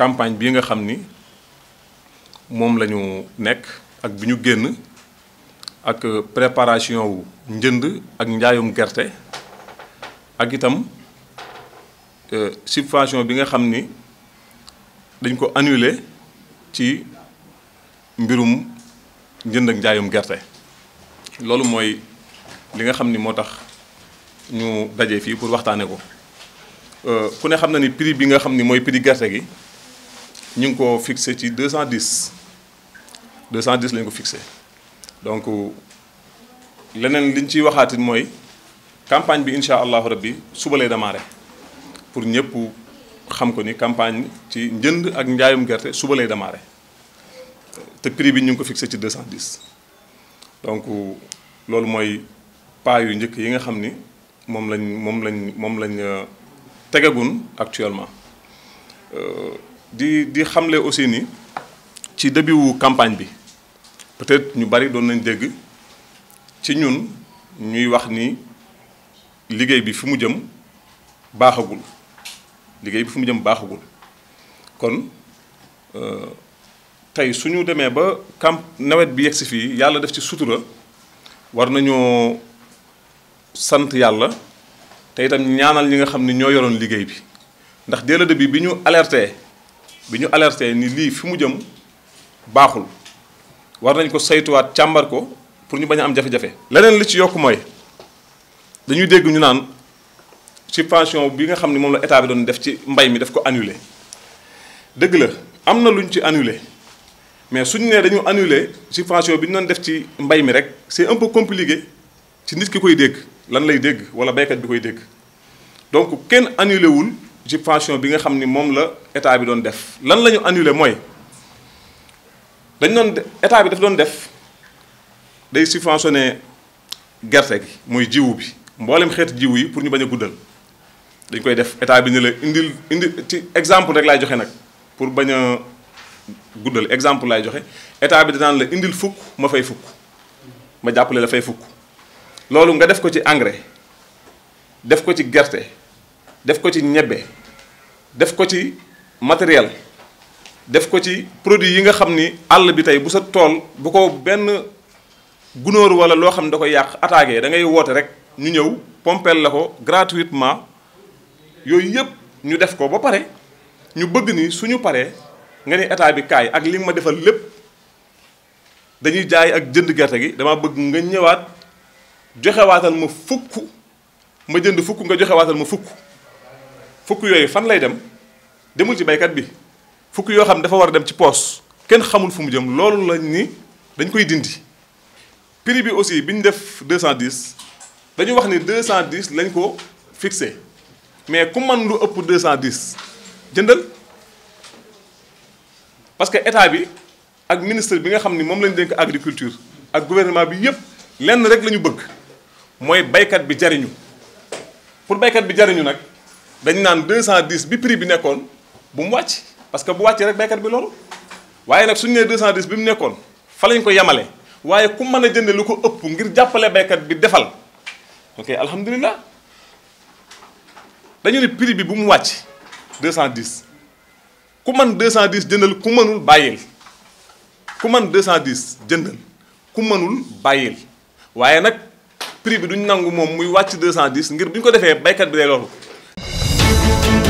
campagne bi nga xam ni moom lañu nekk ak bi ñu génn ak euh, préparation wu njënd ak njaayum gerte ak itam euh, subvention bi nga xam ni dañ ko annuler ci mbirum njënd ak njaayum gerte loolu mooy li nga xam ni moo tax ñu daje fii pour waxtaane ko euh, ku ne xam na ni prix bi nga xam ni mooy prix gerte gi ñu ngi ko fixé ci 210 210 lañ ko fixé donc leneen li ñu ciy waxaatit mooy campagne bi incha allahu rabbi suba lay démarré pour ñëpp xam ko ni campagne ci njënd ak njaayum gerte suba lay démarré te prix bi ñu ngi ko fixé ci 210 donc loolu mooy pas yu njëkk yi nga xam ni moom lañ moom lañ moom lañ euh, tegagun actuellement. Euh, di di xamle aussi ni ci début wu campagne bi peut-être ñu bari doon nañ dégg ci ñun ñuy wax ni liggéey bi fi mu jëm baaxagul liggéey bi fi mu jëm baaxagul kon euh, tey su ñu demee ba camp nawet bi yegg si fii yàlla def ci sutura war nañoo sant yàlla tey itam ñaanal ñi nga xam ne ñoo yoroon liggéey bi ndax dès le début bi ñu alerté. bi ñu alerté ni lii fi mu jëm baaxul war nañ ko saytuwaat càmbar ko pour ñu bañ am jafe-jafe. leneen li ci yokk mooy dañuy dégg ñu naan subvention bi nga xam ne moom la état bi doon def ci mbay mi daf ko annulé dëgg la am na lu luñ ci annulé mais suñu nee dañu annulé subvention bi ñu doon def ci mbay mi rek c'est un peu compliqué ci nit ki koy dégg lan lay dégg wala baykat bi koy dégg donc kenn annulé wul. subvention bi nga xam ni moom la état bi doon def lan la ñu annulé mooy dañ doon état bi daf doon def day subventionné gerte gi muy jiwu bi mboolem xeet jiwu yi pour ñu bañ a guddal dañ koy def état bi ne la indil indi ci exemple rek laay joxe nag pour bañ a guddal exemple laay joxe état bi danaan la indil fukk ma fay fukk ma jàppale la fay fukk loolu nga def ko ci engrais def ko ci gerte. def ko ci ñebbe def ko ci matériel def ko ci produit yi nga xam ni àll bi tey bu sa tool bu ko benn gunóor wala loo xam ne da koy yàq attaqué da ngay woote rek ñu ñëw pompeel la ko gratuitement yooyu yëpp ñu def ko ba pare ñu bëgg ni suñu paree nga ne état bi kaay ak li ma defal lépp dañuy jaay ak jënd gerte gi dama bëgg nga ñëwaat joxewaatal ma fukk ma jënd fukk nga joxewaatal ma fukk fukk yooyu fan lay dem demul ci baykat bi fukk yoo xam dafa war a dem ci poos kenn xamul fu mu jëm loolu lañ ni dañ koy dindi prix bi aussi bi ñu def 210 dañu wax ni 210 lañ ko fixé mais ku man lu ëpp 210 jëndal parce que état bi ak ministre bi nga xam ni moom lañ dénk agriculture ak gouvernement bi yépp lenn rek la ñu bëgg mooy baykat bi jariñu pour baykat bi jariñu nag. dañ naan 210 bi prix bi nekkoon bu mu wàcc parce que bu wàccee rek béykat bi loolu waaye nag suñu nee 210 bi mu nekkoon fa lañ ko yemale waaye ku mën a jënd lu ko ëpp ngir jàppale béykat bi defal ok alhamdulilah dañu ne prix bi bu mu wàcc 210 ku mën 210 jëndal ku mënul bàyyil ku mën 210 jëndal ku mënul bàyyil waaye nag prix bi duñ nangu moom muy wàcc 210 ngir bu ñu ko defee béykat bi day loolu Thank you.